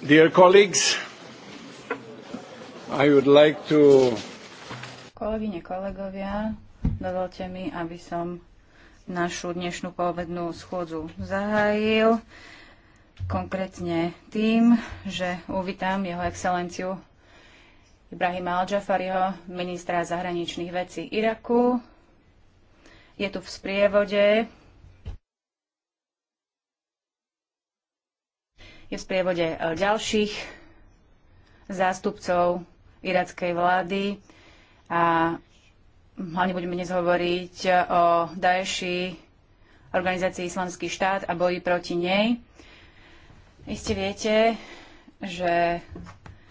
Dear colleagues, I would like to... Kolegyne, kolegovia, dovolte mi, aby som našu dnešnú povednú schôdzu zahájil. Konkrétne tým, že uvítam jeho excelenciu Ibrahima Al-Jafariho, ministra zahraničných vecí Iraku. Je tu v sprievode je v sprievode e, ďalších zástupcov irackej vlády a hlavne budeme dnes hovoriť e, o Daeši, organizácii Islamský štát a boji proti nej. Iste viete, že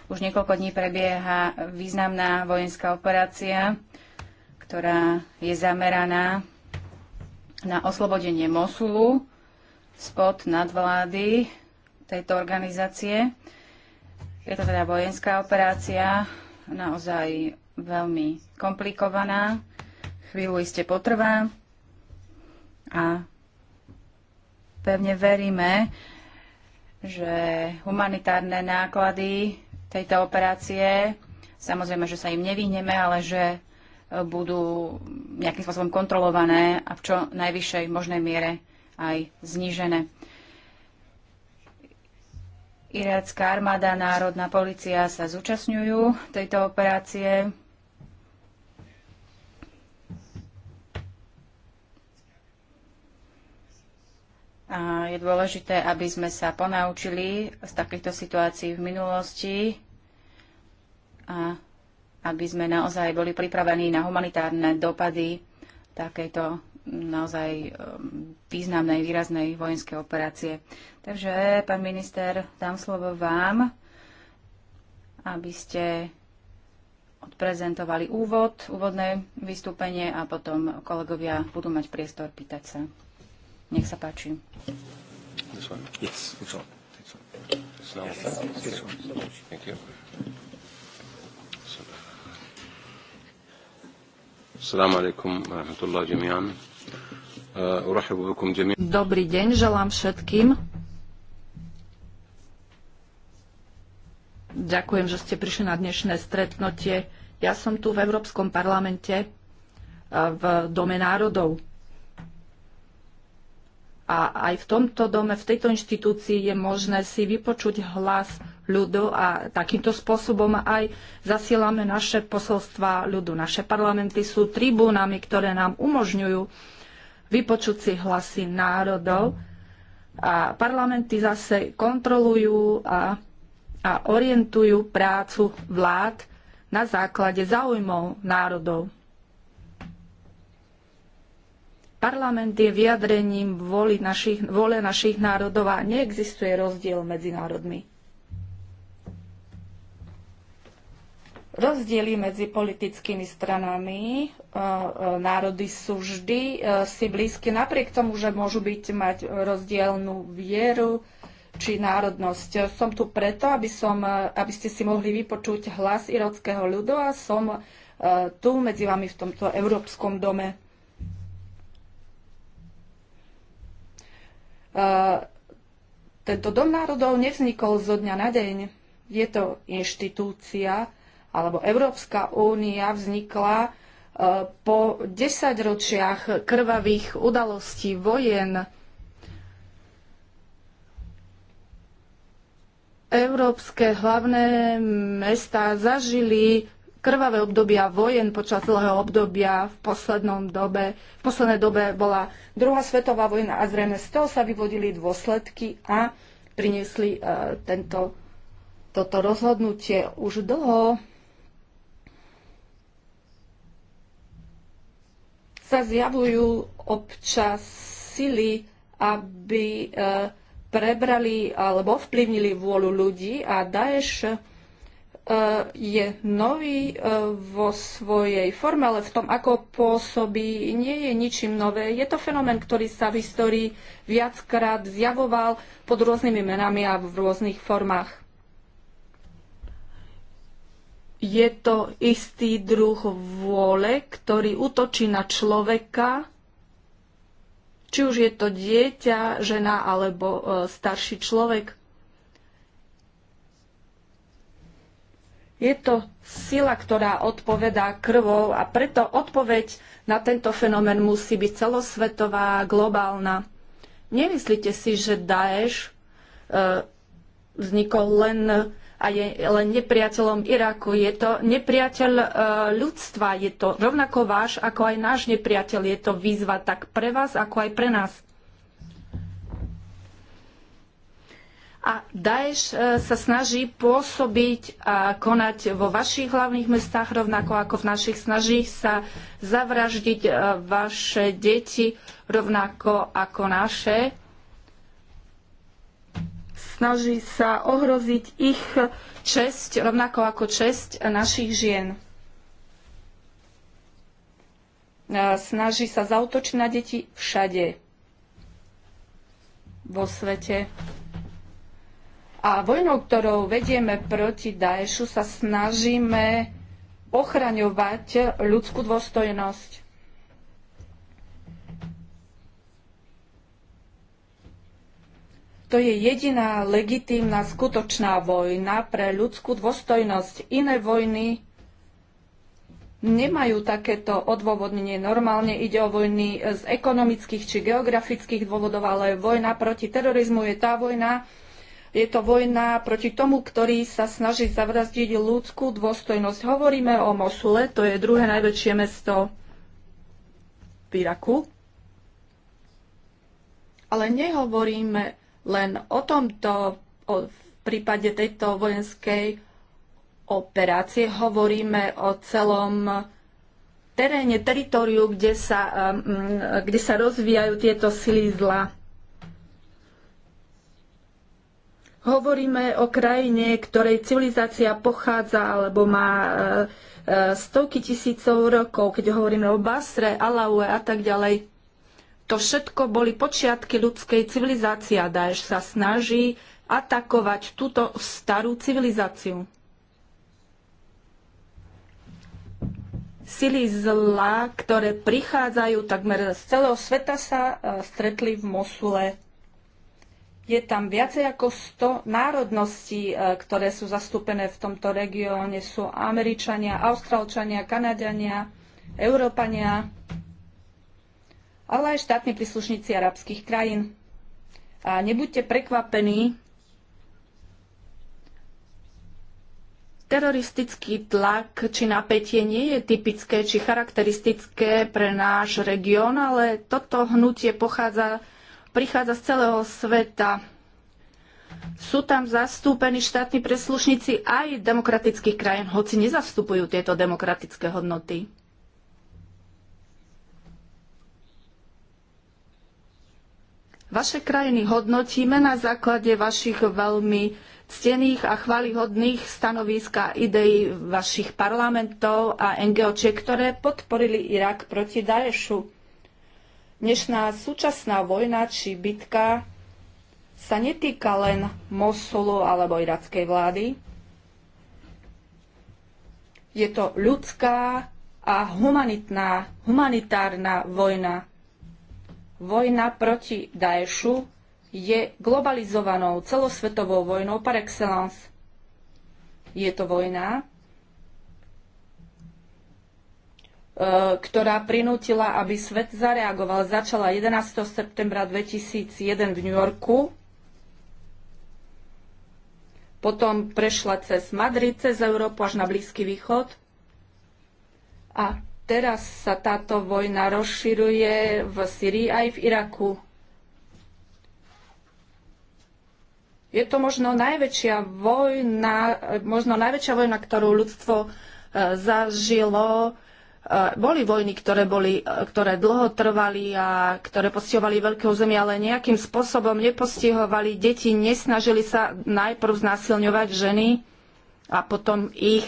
už niekoľko dní prebieha významná vojenská operácia, ktorá je zameraná na oslobodenie Mosulu spod nadvlády tejto organizácie. Je to teda vojenská operácia, naozaj veľmi komplikovaná, chvíľu iste potrvá a pevne veríme, že humanitárne náklady tejto operácie, samozrejme, že sa im nevyhneme, ale že budú nejakým spôsobom kontrolované a v čo najvyššej možnej miere aj znížené. Irácká armáda, národná policia sa zúčastňujú tejto operácie. A je dôležité, aby sme sa ponaučili z takýchto situácií v minulosti a aby sme naozaj boli pripravení na humanitárne dopady takéto naozaj um, významnej, výraznej vojenskej operácie. Takže, pán minister, dám slovo vám, aby ste odprezentovali úvod, úvodné vystúpenie a potom kolegovia budú mať priestor pýtať sa. Nech sa páči. Yes. السلام عليكم ورحمة الله جميعا Dobrý deň, želám všetkým. Ďakujem, že ste prišli na dnešné stretnutie. Ja som tu v Európskom parlamente eh, v Dome národov. A aj v tomto dome, v tejto inštitúcii je možné si vypočuť hlas ľudu a takýmto spôsobom aj zasielame naše posolstva ľudu. Naše parlamenty sú tribúnami, ktoré nám umožňujú vypočuť si hlasy národov a parlamenty zase kontrolujú a, a orientujú prácu vlád na základe záujmov národov. Parlament je vyjadrením vôle našich, vôle našich národov a neexistuje rozdiel medzi národmi. Rozdiely medzi politickými stranami E, národy sú vždy e, si blízky napriek tomu, že môžu byť mať rozdielnú vieru či národnosť. Som tu preto, aby, som, e, aby ste si mohli vypočuť hlas irockého ľudu a som tu medzi vami v tomto Európskom dome. Tento dom národov nevznikol zo dňa na deň. Je to inštitúcia, alebo Európska únia vznikla po desaťročiach krvavých udalostí vojen európske hlavné mesta zažili krvavé obdobia vojen počas dlhého obdobia v poslednom dobe. V poslednej dobe bola druhá svetová vojna a zrejme z toho sa vyvodili dôsledky a priniesli uh, tento, toto rozhodnutie už dlho sa zjavujú občas sily, aby e, prebrali alebo vplyvnili vôľu ľudí a Daesh e, je nový e, vo svojej forme, ale v tom, ako pôsobí, nie je ničím nové. Je to fenomén, ktorý sa v histórii viackrát zjavoval pod rôznymi menami a v rôznych formách je to istý druh vôle, ktorý útočí na človeka, či už je to dieťa, žena alebo e, starší človek. Je to sila, ktorá odpovedá krvou a preto odpoveď na tento fenomén musí byť celosvetová, globálna. Nemyslíte si, že Daesh e, vznikol len a je len nepriateľom Iraku. Je to nepriateľ e, ľudstva, je to rovnako váš ako aj náš nepriateľ. Je to výzva tak pre vás, ako aj pre nás. A Daesh e, sa snaží pôsobiť a konať vo vašich hlavných mestách, rovnako ako v našich. Snaží sa zavraždiť e, vaše deti, rovnako ako naše snaží sa ohroziť ich česť, rovnako ako česť našich žien. Snaží sa zautočiť na deti všade vo svete. A vojnou, ktorou vedieme proti Daešu, sa snažíme ochraňovať ľudskú dôstojnosť. To je jediná legitímna skutočná vojna pre ľudskú dôstojnosť. Iné vojny nemajú takéto odôvodnenie. Normálne ide o vojny z ekonomických či geografických dôvodov, ale vojna proti terorizmu je tá vojna, je to vojna proti tomu, ktorý sa snaží zavrazdiť ľudskú dôstojnosť. Hovoríme o Mosule, to je druhé najväčšie mesto v Iraku. Ale nehovoríme len o tomto, o, v prípade tejto vojenskej operácie hovoríme o celom teréne, teritoriu, kde sa, um, mm, kde sa rozvíjajú tieto sily zla. Hovoríme o krajine, ktorej civilizácia pochádza alebo má uh, uh, stovky tisícov rokov, keď hovoríme o Basre, Alaue a tak ďalej. To všetko boli počiatky ľudskej civilizácie a Daesh sa snaží atakovať túto starú civilizáciu. Sily zla, ktoré prichádzajú takmer z celého sveta, sa e, stretli v Mosule. Je tam viacej ako 100 národností, e, ktoré sú zastúpené v tomto regióne. Sú Američania, Austrálčania, Kanadiania, Európania, ale aj štátni príslušníci arabských krajín. A nebuďte prekvapení, teroristický tlak či napätie nie je typické či charakteristické pre náš región, ale toto hnutie pochádza, prichádza z celého sveta. Sú tam zastúpení štátni preslušníci aj demokratických krajín, hoci nezastupujú tieto demokratické hodnoty. Vaše krajiny hodnotíme na základe vašich veľmi ctených a chválihodných stanovísk a ideí vašich parlamentov a NGOčiek, ktoré podporili Irak proti Daešu. Dnešná súčasná vojna či bitka sa netýka len Mosulu alebo irackej vlády. Je to ľudská a humanitná, humanitárna vojna. Vojna proti Daešu je globalizovanou celosvetovou vojnou par excellence. Je to vojna, e, ktorá prinútila, aby svet zareagoval. Začala 11. septembra 2001 v New Yorku, potom prešla cez Madrid, cez Európu až na Blízky východ a teraz sa táto vojna rozširuje v Syrii aj v Iraku. Je to možno najväčšia vojna, možno najväčšia vojna, ktorú ľudstvo e, zažilo. E, boli vojny, ktoré, boli, e, ktoré dlho trvali a ktoré postihovali veľké územie, ale nejakým spôsobom nepostihovali deti, nesnažili sa najprv znásilňovať ženy a potom ich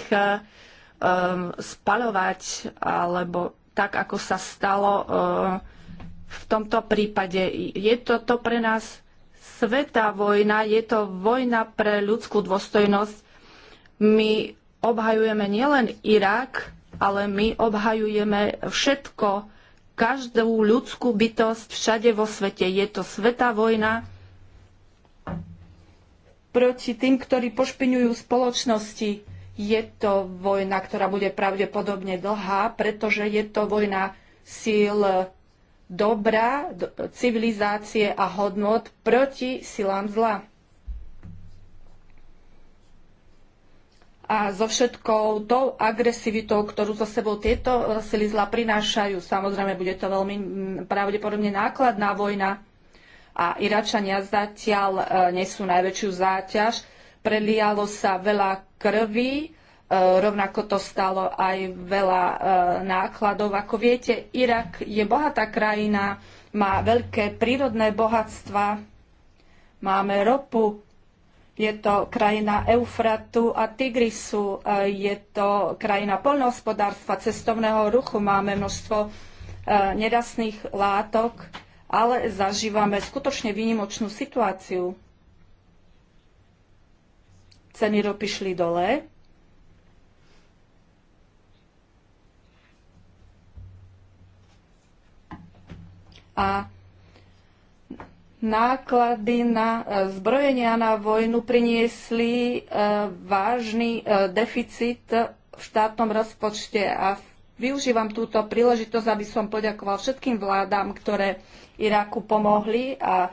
um, alebo tak, ako sa stalo um, v tomto prípade. Je to to pre nás svetá vojna, je to vojna pre ľudskú dôstojnosť. My obhajujeme nielen Irak, ale my obhajujeme všetko, každú ľudskú bytosť všade vo svete. Je to svetá vojna proti tým, ktorí pošpiňujú spoločnosti. Je to vojna, ktorá bude pravdepodobne dlhá, pretože je to vojna síl dobra, civilizácie a hodnot proti silám zla. a so všetkou tou agresivitou, ktorú so sebou tieto e, sily zla prinášajú. Samozrejme, bude to veľmi pravdepodobne nákladná vojna a Iračania zatiaľ e, nesú najväčšiu záťaž, prelialo sa veľa krvi, e, rovnako to stalo aj veľa e, nákladov. Ako viete, Irak je bohatá krajina, má veľké prírodné bohatstva, máme ropu, je to krajina Eufratu a Tigrisu, e, je to krajina poľnohospodárstva, cestovného ruchu, máme množstvo nerastných látok, ale zažívame skutočne výnimočnú situáciu ceny ropy šli dole. A náklady na e, zbrojenia na vojnu priniesli e, vážny e, deficit v štátnom rozpočte a využívam túto príležitosť, aby som poďakoval všetkým vládám, ktoré Iraku pomohli a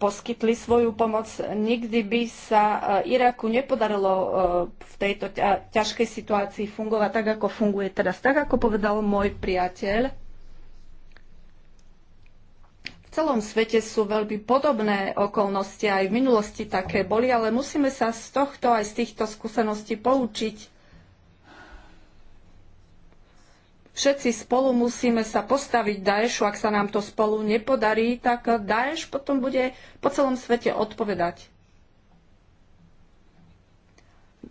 poskytli svoju pomoc. Nikdy by sa eh, Iraku nepodarilo eh, v tejto ťažkej situácii fungovať tak, ako funguje teraz. Tak, ako povedal môj priateľ, v celom svete sú veľmi podobné okolnosti, aj v minulosti také boli, ale musíme sa z tohto aj z týchto skúseností poučiť všetci spolu musíme sa postaviť Daešu, ak sa nám to spolu nepodarí, tak Daeš potom bude po celom svete odpovedať.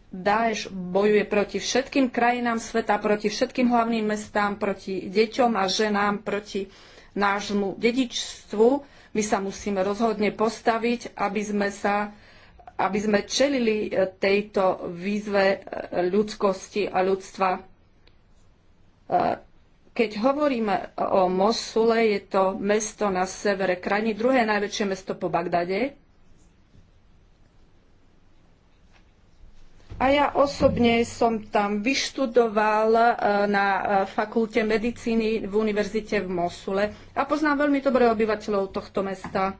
Daeš bojuje proti všetkým krajinám sveta, proti všetkým hlavným mestám, proti deťom a ženám, proti nášmu dedičstvu. My sa musíme rozhodne postaviť, aby sme sa aby sme čelili e, tejto výzve e, ľudskosti a ľudstva. Eh, keď hovoríme o Mosule, je to mesto na severe krajiny, druhé najväčšie mesto po Bagdade. A ja osobne som tam vyštudoval eh, na eh, fakulte medicíny v univerzite v Mosule a poznám veľmi dobre obyvateľov tohto mesta.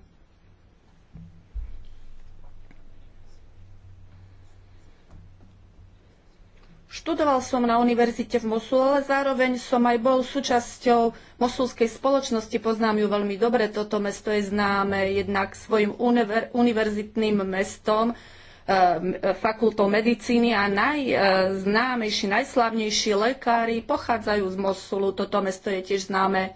Študoval som na univerzite v Mosule, ale zároveň som aj bol súčasťou mosulskej spoločnosti, poznám ju veľmi dobre. Toto mesto je známe jednak svojim univer- univerzitným mestom, e, e, fakultou medicíny a najznámejší, e, najslavnejší lekári pochádzajú z Mosulu. Toto mesto je tiež známe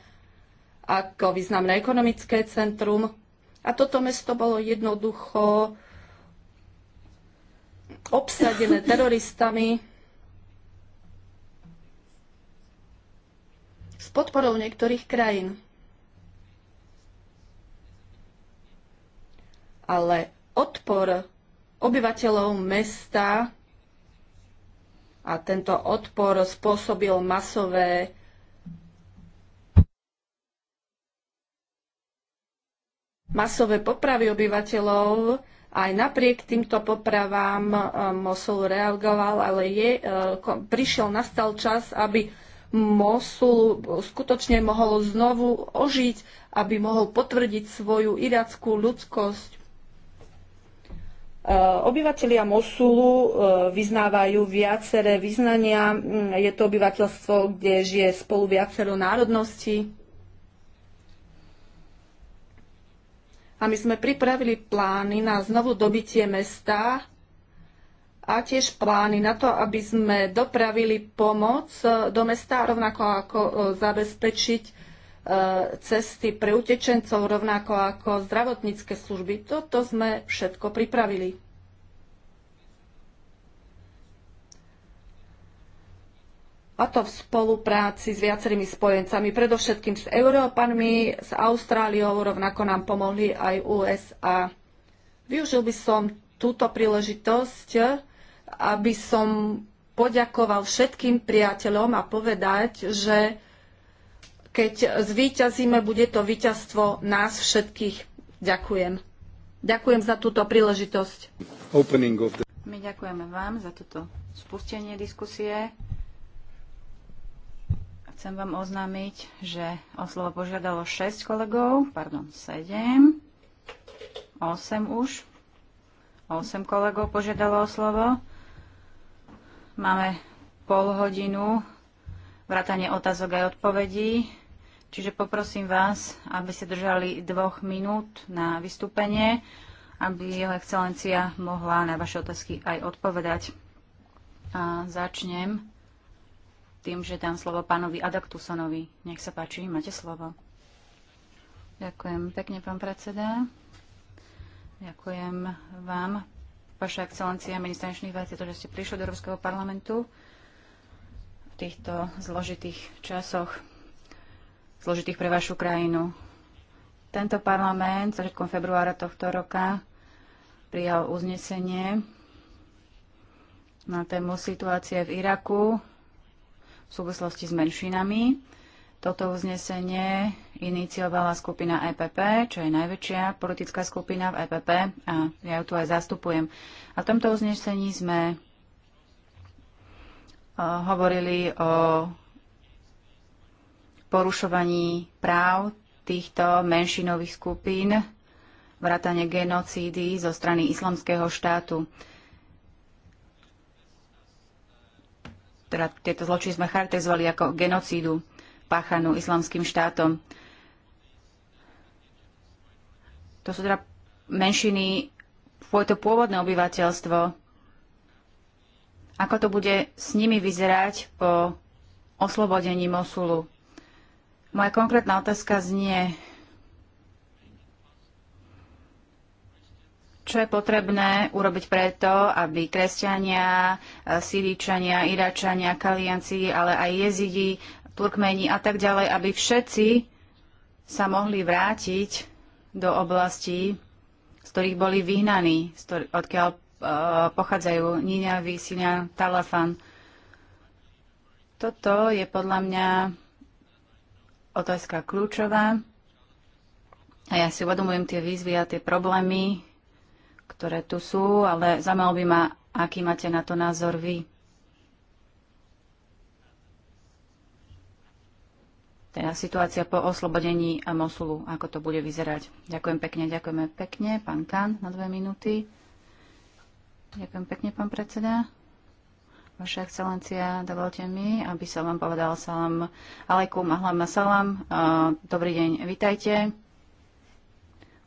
ako významné ekonomické centrum. A toto mesto bolo jednoducho obsadené teroristami podporou niektorých krajín. Ale odpor obyvateľov mesta a tento odpor spôsobil masové masové popravy obyvateľov. Aj napriek týmto popravám eh, Mosul reagoval, ale je, eh, prišiel, nastal čas, aby Mosul skutočne mohol znovu ožiť, aby mohol potvrdiť svoju irackú ľudskosť. E, obyvatelia Mosulu e, vyznávajú viaceré vyznania. Mm, je to obyvateľstvo, kde žije spolu viacero národností. A my sme pripravili plány na znovu dobitie mesta a tiež plány na to, aby sme dopravili pomoc e, do mesta, rovnako ako e, zabezpečiť e, cesty pre utečencov, rovnako ako zdravotnícke služby. Toto sme všetko pripravili. A to v spolupráci s viacerými spojencami, predovšetkým s Európanmi, s Austráliou, rovnako nám pomohli aj USA. Využil by som túto príležitosť, aby som poďakoval všetkým priateľom a povedať, že keď zvíťazíme, bude to víťazstvo nás všetkých. Ďakujem. Ďakujem za túto príležitosť. My ďakujeme vám za toto spustenie diskusie. Chcem vám oznámiť, že o slovo požiadalo 6 kolegov, pardon, 7, 8 už. 8 kolegov požiadalo o slovo. Máme pol hodinu vrátanie otázok aj odpovedí. Čiže poprosím vás, aby ste držali dvoch minút na vystúpenie, aby jeho excelencia mohla na vaše otázky aj odpovedať. A začnem tým, že dám slovo pánovi Adaktusonovi. Nech sa páči, máte slovo. Ďakujem pekne, pán predseda. Ďakujem vám, Vaša excelencia, minister zahraničných vecí, to, že ste prišli do Európskeho parlamentu v týchto zložitých časoch, zložitých pre vašu krajinu. Tento parlament začiatkom februára tohto roka prijal uznesenie na tému situácie v Iraku v súvislosti s menšinami. Toto uznesenie iniciovala skupina EPP, čo je najväčšia politická skupina v EPP a ja ju tu aj zastupujem. A v tomto uznesení sme e, hovorili o porušovaní práv týchto menšinových skupín, vrátane genocídy zo strany islamského štátu. Teda tieto zločiny sme charakterizovali ako genocídu páchanú islamským štátom. To sú teda menšiny, to pôvodné obyvateľstvo. Ako to bude s nimi vyzerať po oslobodení Mosulu? Moja konkrétna otázka znie, čo je potrebné urobiť preto, aby kresťania, eh, síričania, iračania, kalianci, ale aj jezidi, turkmeni a tak ďalej, aby všetci sa mohli vrátiť do oblastí, z ktorých boli vyhnaní, odkiaľ e, pochádzajú Níňa, Výsina, Talafan. Toto je podľa mňa otázka kľúčová. A ja si uvedomujem tie výzvy a tie problémy, ktoré tu sú, ale zaujímalo by ma, aký máte na to názor vy. teda situácia po oslobodení Mosulu, ako to bude vyzerať. Ďakujem pekne, ďakujeme pekne. Pán Kan na dve minúty. Ďakujem pekne, pán predseda. Vaša excelencia, dovolte mi, aby som vám povedal salam alaikum a hlavne salam. Dobrý deň, vitajte.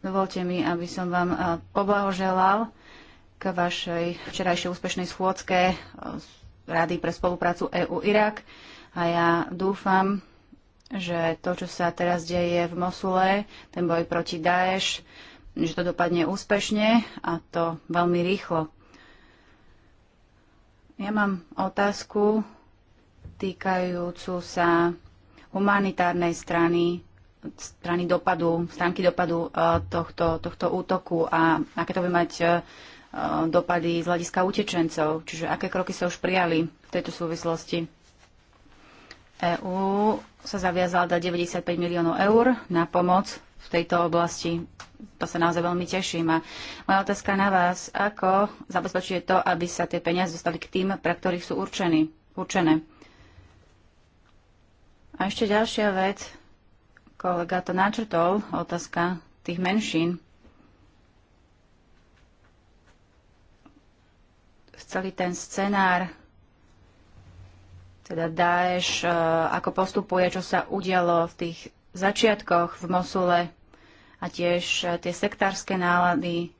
Dovolte mi, aby som vám poblahoželal k vašej včerajšej úspešnej schôdzke Rady pre spoluprácu EU-Irak a ja dúfam, že to, čo sa teraz deje v Mosule, ten boj proti Daesh, že to dopadne úspešne a to veľmi rýchlo. Ja mám otázku týkajúcu sa humanitárnej strany, strany dopadu, stránky dopadu e, tohto, tohto útoku a aké to by mať e, dopady z hľadiska utečencov, čiže aké kroky sa už prijali v tejto súvislosti. EÚ sa zaviazala dať 95 miliónov eur na pomoc v tejto oblasti. To sa naozaj veľmi teším. A moja otázka na vás, ako zabezpečuje to, aby sa tie peniaze dostali k tým, pre ktorých sú určení, určené? A ešte ďalšia vec, kolega to načrtol, otázka tých menšín. Celý ten scenár teda Daesh, e, ako postupuje, čo sa udialo v tých začiatkoch v Mosule a tiež e, tie sektárske nálady,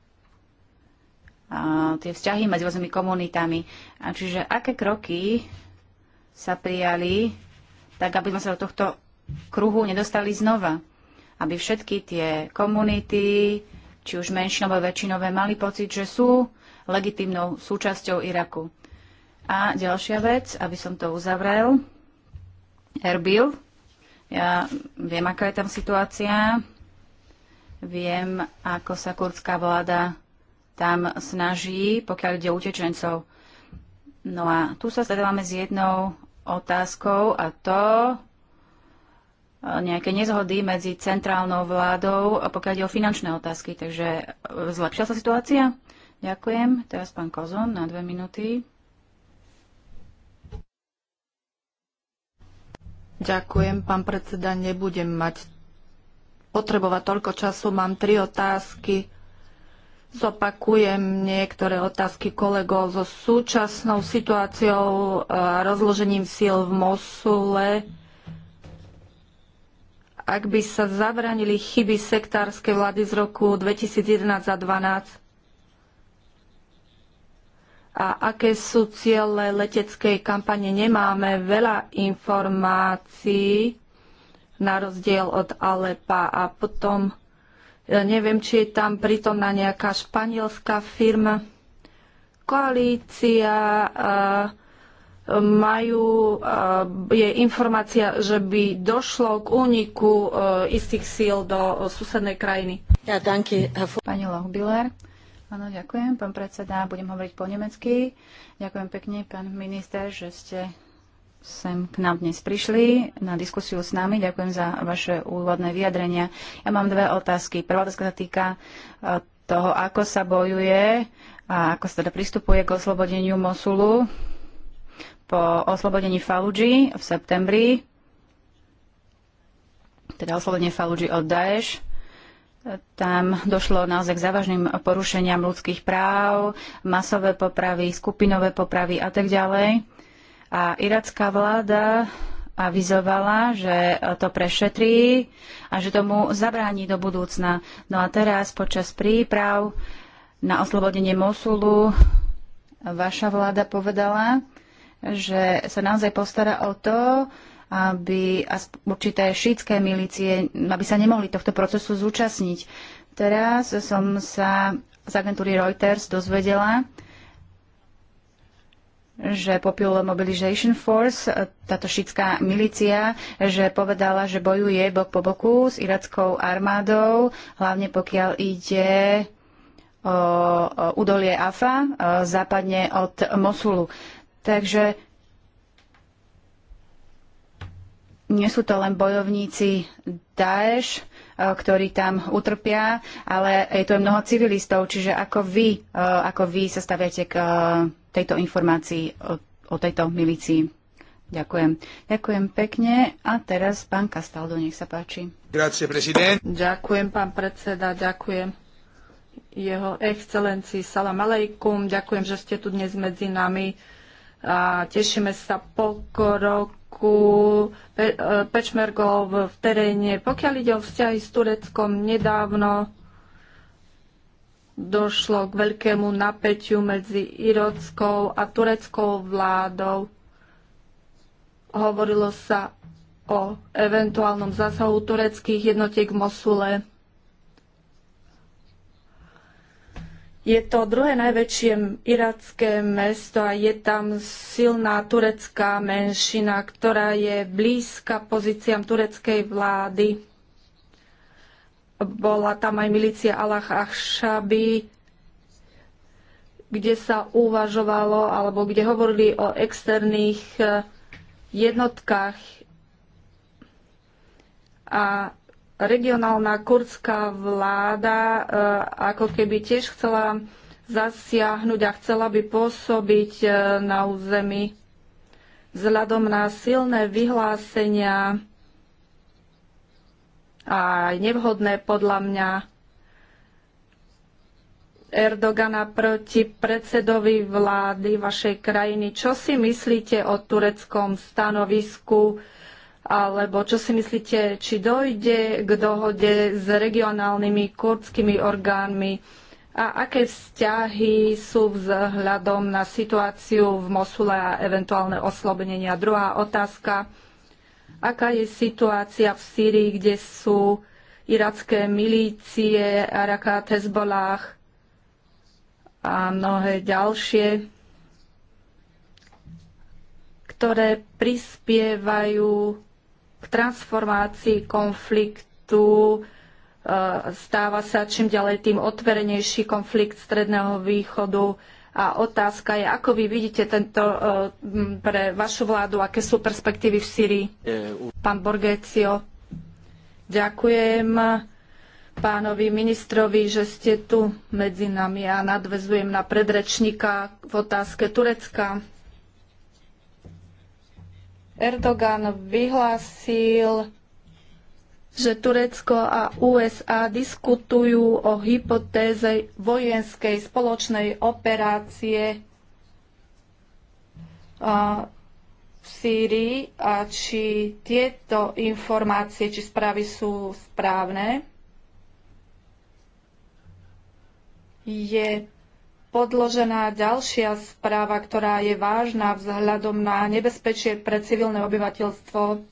a tie vzťahy medzi rôznymi komunitami. A čiže aké kroky sa prijali, tak aby sme sa do tohto kruhu nedostali znova. Aby všetky tie komunity, či už menšinové, väčšinové, mali pocit, že sú legitimnou súčasťou Iraku. A ďalšia vec, aby som to uzavrel, Erbil. Ja viem, aká je tam situácia. Viem, ako sa kurdská vláda tam snaží, pokiaľ ide utečencov. No a tu sa stretávame s jednou otázkou a to e, nejaké nezhody medzi centrálnou vládou a pokiaľ ide o finančné otázky. Takže e, zlepšila sa situácia? Ďakujem. Teraz pán Kozon na dve minúty. Ďakujem, pán predseda. Nebudem mať potrebovať toľko času. Mám tri otázky. Zopakujem niektoré otázky kolegov so súčasnou situáciou a rozložením síl v Mosule. Ak by sa zabranili chyby sektárskej vlády z roku 2011 a 2012, a aké sú ciele leteckej kampane. Nemáme veľa informácií na rozdiel od Alepa a potom neviem, či je tam prítomná nejaká španielská firma. Koalícia majú, je informácia, že by došlo k úniku e, istých síl do e, susednej krajiny. Ja, danke, Pani Lohbiller. Áno, ďakujem, pán predseda. Budem hovoriť po nemecky. Ďakujem pekne, pán minister, že ste sem k nám dnes prišli na diskusiu s nami. Ďakujem za vaše úvodné vyjadrenia. Ja mám dve otázky. Prvá otázka sa týka e, toho, ako sa bojuje a ako sa teda pristupuje k oslobodeniu Mosulu po oslobodení Faluji v septembri, teda oslobodenie Faluji od Daesh. Tam došlo naozaj k závažným porušeniam ľudských práv, masové popravy, skupinové popravy a tak ďalej. A iracká vláda avizovala, že to prešetrí a že tomu zabráni do budúcna. No a teraz počas príprav na oslobodenie Mosulu vaša vláda povedala, že sa naozaj postará o to, aby určité šítské milície, aby sa nemohli tohto procesu zúčastniť. Teraz som sa z agentúry Reuters dozvedela, že Popular Mobilization Force, táto šítská milícia, že povedala, že bojuje bok po boku s irackou armádou, hlavne pokiaľ ide o údolie Afa, západne od Mosulu. Takže nie sú to len bojovníci Daesh, e, ktorí tam utrpia, ale je to mnoho civilistov. Čiže ako vy, e, ako vy sa staviate k e, tejto informácii o tejto milícii? Ďakujem. Ďakujem pekne. A teraz pán Kastaldo, nech sa páči. Grazie, prezident. Ďakujem, pán predseda, ďakujem. Jeho excelencii, salam aleikum, ďakujem, že ste tu dnes medzi nami a tešíme sa pokrok ku pe- e, pečmergov v teréne. Pokiaľ ide o vzťahy s Tureckom, nedávno došlo k veľkému napätiu medzi irockou a tureckou vládou. Hovorilo sa o eventuálnom zásahu tureckých jednotiek v Mosule Je to druhé najväčšie iracké mesto a je tam silná turecká menšina, ktorá je blízka pozíciám tureckej vlády. Bola tam aj milícia Allah Ahshabi, kde sa uvažovalo, alebo kde hovorili o externých eh, jednotkách a regionálna kurdská vláda eh, ako keby tiež chcela zasiahnuť a chcela by pôsobiť eh, na území vzhľadom na silné vyhlásenia a nevhodné podľa mňa Erdogana proti predsedovi vlády vašej krajiny. Čo si myslíte o tureckom stanovisku alebo čo si myslíte, či dojde k dohode s regionálnymi kurdskými orgánmi a aké vzťahy sú vzhľadom na situáciu v Mosule a eventuálne oslobnenia. Druhá otázka, aká je situácia v Sýrii, kde sú iracké milície, Araká, Tezbolách a mnohé ďalšie, ktoré prispievajú k transformácii konfliktu. E, stáva sa čím ďalej tým otvorenejší konflikt Stredného východu. A otázka je, ako vy vidíte tento e, pre vašu vládu, aké sú perspektívy v Syrii? Pán Borgecio, ďakujem pánovi ministrovi, že ste tu medzi nami a nadvezujem na predrečníka v otázke Turecka. Erdogan vyhlásil, že Turecko a USA diskutujú o hypotéze vojenskej spoločnej operácie v Sýrii a či tieto informácie či správy sú správne. Je podložená ďalšia správa, ktorá je vážna vzhľadom na nebezpečie pre civilné obyvateľstvo,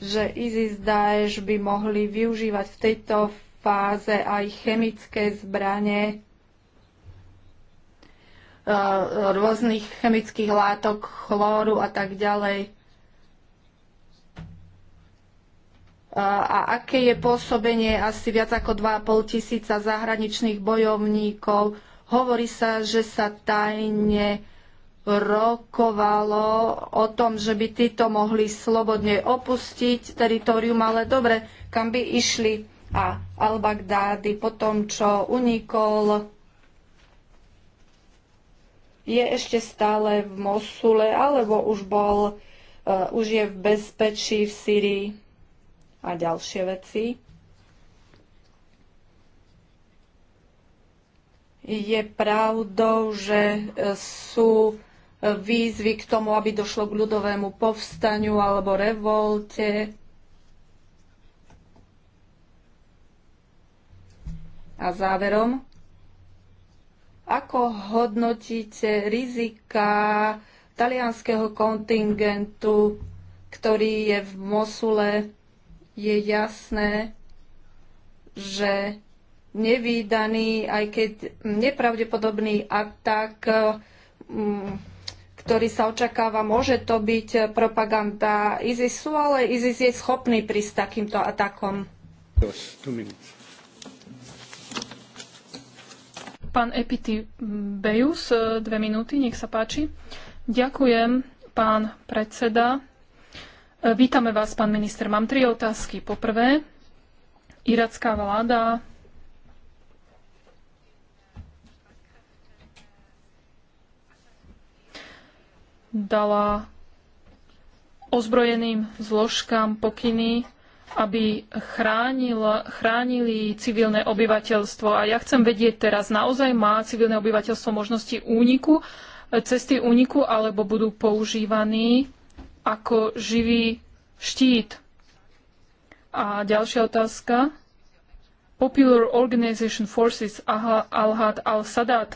že ISIS Daesh by mohli využívať v tejto fáze aj chemické zbranie e, rôznych chemických látok, chlóru a tak ďalej. E, a aké je pôsobenie asi viac ako 2,5 tisíca zahraničných bojovníkov, Hovorí sa, že sa tajne rokovalo o tom, že by títo mohli slobodne opustiť teritorium, ale dobre, kam by išli a Al-Baghdadi po tom, čo unikol, je ešte stále v Mosule, alebo už bol, uh, už je v bezpečí v Syrii a ďalšie veci. Je pravdou, že e, sú e, výzvy k tomu, aby došlo k ľudovému povstaniu alebo revolte. A záverom, ako hodnotíte rizika talianského kontingentu, ktorý je v Mosule? Je jasné, že nevýdaný, aj keď nepravdepodobný atak, eh, mm, ktorý sa očakáva, môže to byť propaganda ISISu, ale ISIS je schopný prísť takýmto atakom. Pán Epity Bejus, eh, dve minúty, nech sa páči. Ďakujem, pán predseda. Eh, vítame vás, pán minister. Mám tri otázky. Poprvé, iracká vláda dala ozbrojeným zložkám pokyny, aby chránil, chránili civilné obyvateľstvo. A ja chcem vedieť teraz, naozaj má civilné obyvateľstvo možnosti úniku, cesty úniku, alebo budú používaní ako živý štít. A ďalšia otázka. Popular Organization Forces Al-Had al-Sadat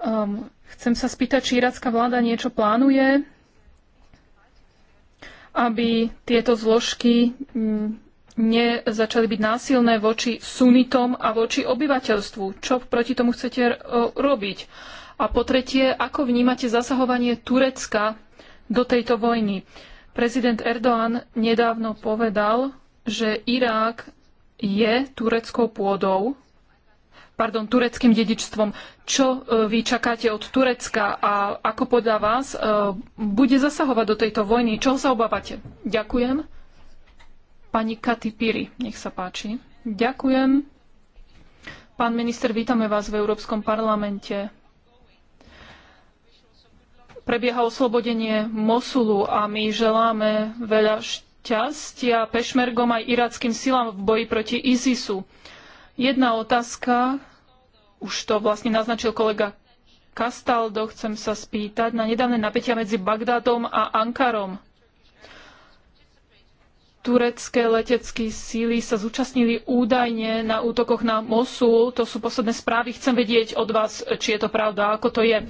um, Chcem sa spýtať, či iracká vláda niečo plánuje, aby tieto zložky mm, nezačali byť násilné voči sunitom a voči obyvateľstvu. Čo proti tomu chcete e, robiť? A po tretie, ako vnímate zasahovanie Turecka do tejto vojny? Prezident Erdoğan nedávno povedal, že Irák je tureckou pôdou pardon, tureckým dedičstvom. Čo e, vy čakáte od Turecka a ako podľa vás e, bude zasahovať do tejto vojny? Čoho sa obávate? Ďakujem. Pani Katy Piri, nech sa páči. Ďakujem. Pán minister, vítame vás v Európskom parlamente prebieha oslobodenie Mosulu a my želáme veľa šťastia pešmergom aj irackým silám v boji proti ISISu. Jedna otázka, už to vlastne naznačil kolega Kastaldo, chcem sa spýtať na nedávne napätia medzi Bagdádom a Ankarom. Turecké letecké síly sa zúčastnili údajne na útokoch na Mosul. To sú posledné správy. Chcem vedieť od vás, či je to pravda, ako to je.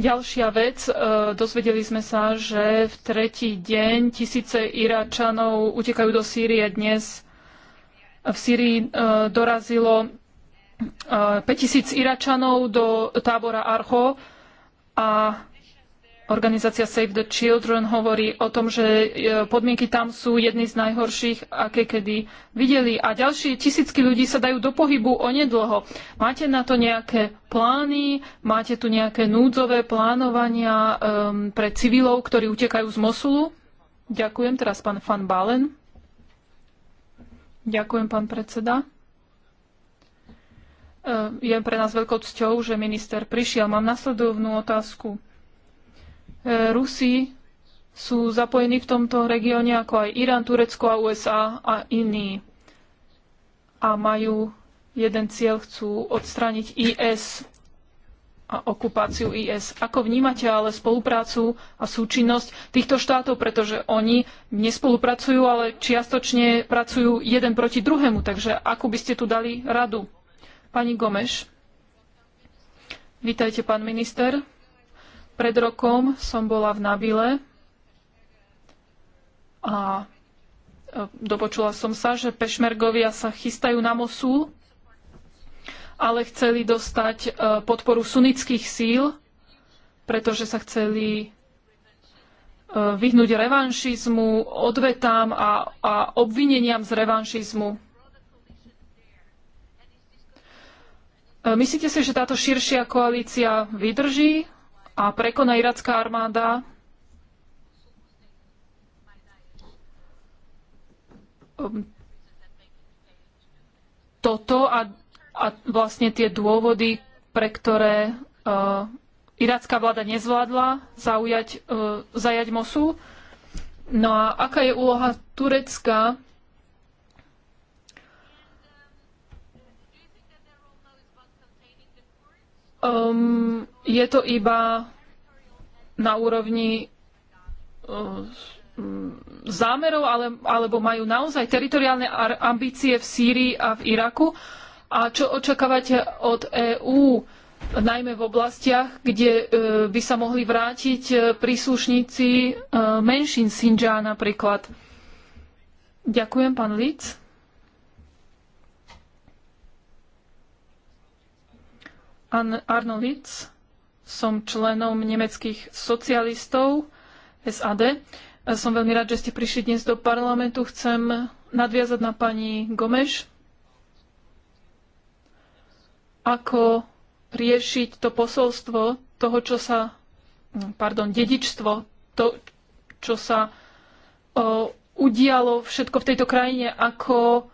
Ďalšia vec, e, dozvedeli sme sa, že v tretí deň tisíce Iračanov utekajú do Sýrie dnes v Syrii e, dorazilo 5000 e, Iračanov do tábora Archo a organizácia Save the Children hovorí o tom, že e, podmienky tam sú jedny z najhorších, aké kedy videli. A ďalšie tisícky ľudí sa dajú do pohybu onedlho. Máte na to nejaké plány? Máte tu nejaké núdzové plánovania um, pre civilov, ktorí utekajú z Mosulu? Ďakujem. Teraz pán Van Balen. Ďakujem, pán predseda. E, je pre nás veľkou cťou, že minister prišiel. Mám nasledovnú otázku. E, Rusi sú zapojení v tomto regióne ako aj Irán, Turecko a USA a iní. A majú jeden cieľ, chcú odstrániť IS a okupáciu IS. Ako vnímate ale spoluprácu a súčinnosť týchto štátov, pretože oni nespolupracujú, ale čiastočne pracujú jeden proti druhému. Takže ako by ste tu dali radu? Pani Gomeš. Vítajte, pán minister. Pred rokom som bola v Nabile a e, dopočula som sa, že pešmergovia sa chystajú na Mosul ale chceli dostať e, podporu sunnických síl, pretože sa chceli e, vyhnúť revanšizmu, odvetám a, a obvineniam z revanšizmu. E, myslíte si, že táto širšia koalícia vydrží a prekoná iracká armáda ehm, toto a a vlastne tie dôvody, pre ktoré uh, iracká vláda nezvládla zaujať, uh, zajať Mosul. No a aká je úloha Turecka Um, je to iba na úrovni uh, zámerov, ale, alebo majú naozaj teritoriálne ambície v Sýrii a v Iraku. Uh, a čo očakávate od EÚ, najmä v oblastiach, kde e, by sa mohli vrátiť e, príslušníci e, menšín Sinja napríklad. Ďakujem, pán Lic. Arno Lic, som členom nemeckých socialistov SAD. Som veľmi rád, že ste prišli dnes do parlamentu. Chcem nadviazať na pani Gomeš ako riešiť to posolstvo toho, čo sa, no, pardon, dedičstvo, to, čo sa o, udialo všetko v tejto krajine, ako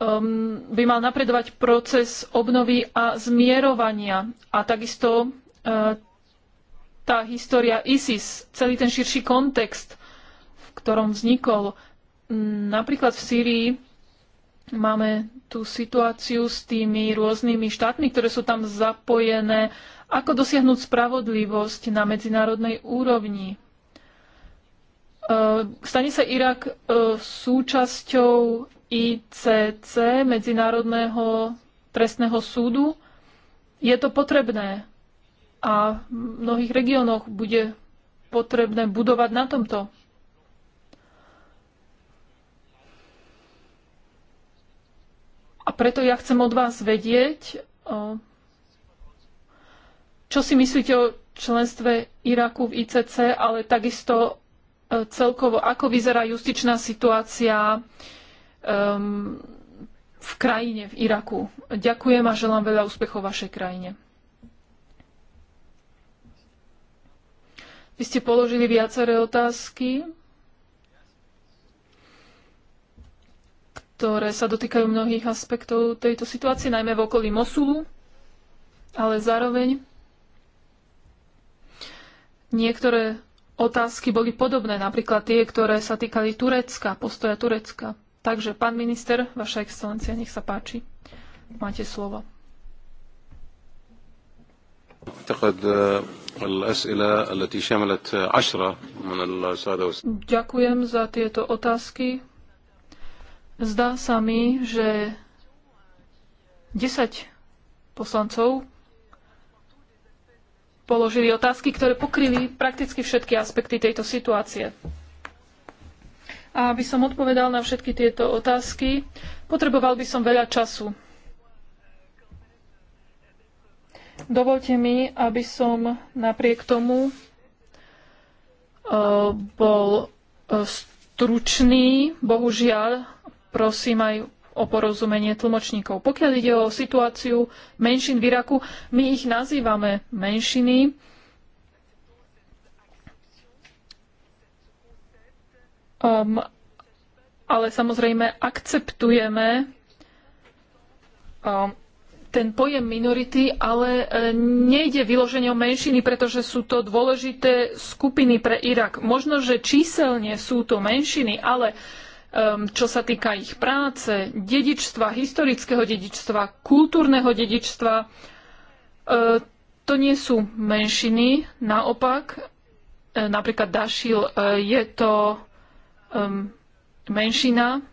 um, by mal napredovať proces obnovy a zmierovania. A takisto uh, tá história ISIS, celý ten širší kontext, v ktorom vznikol. Napríklad v Sýrii Máme tú situáciu s tými rôznymi štátmi, ktoré sú tam zapojené. Ako dosiahnuť spravodlivosť na medzinárodnej úrovni? E, stane sa Irak e, súčasťou ICC, Medzinárodného trestného súdu. Je to potrebné a v mnohých regiónoch bude potrebné budovať na tomto. preto ja chcem od vás vedieť, čo si myslíte o členstve Iraku v ICC, ale takisto e, celkovo, ako vyzerá justičná situácia v krajine, v Iraku. Ďakujem a želám veľa úspechov vašej krajine. Vy ste položili viaceré otázky. ktoré sa dotýkajú mnohých aspektov tejto situácie, najmä v okolí Mosulu, ale zároveň niektoré otázky boli podobné, napríklad tie, ktoré sa týkali Turecka, postoja Turecka. Takže, pán minister, vaša excelencia, nech sa páči. Máte slovo. Ďakujem za tieto otázky. Zdá sa mi, že 10 poslancov položili otázky, ktoré pokryli prakticky všetky aspekty tejto situácie. A aby som odpovedal na všetky tieto otázky, potreboval by som veľa času. Dovolte mi, aby som napriek tomu e, bol e, stručný. Bohužiaľ, prosím aj o porozumenie tlmočníkov. Pokiaľ ide o situáciu menšín v Iraku, my ich nazývame menšiny. Um, ale samozrejme akceptujeme um, ten pojem minority, ale e, nejde vyloženie o menšiny, pretože sú to dôležité skupiny pre Irak. Možno, že číselne sú to menšiny, ale uh, Ehm, čo sa týka ich práce, dedičstva, historického dedičstva, kultúrneho dedičstva. E, to nie sú menšiny, naopak, e, napríklad Dašil e, je to ehm, menšina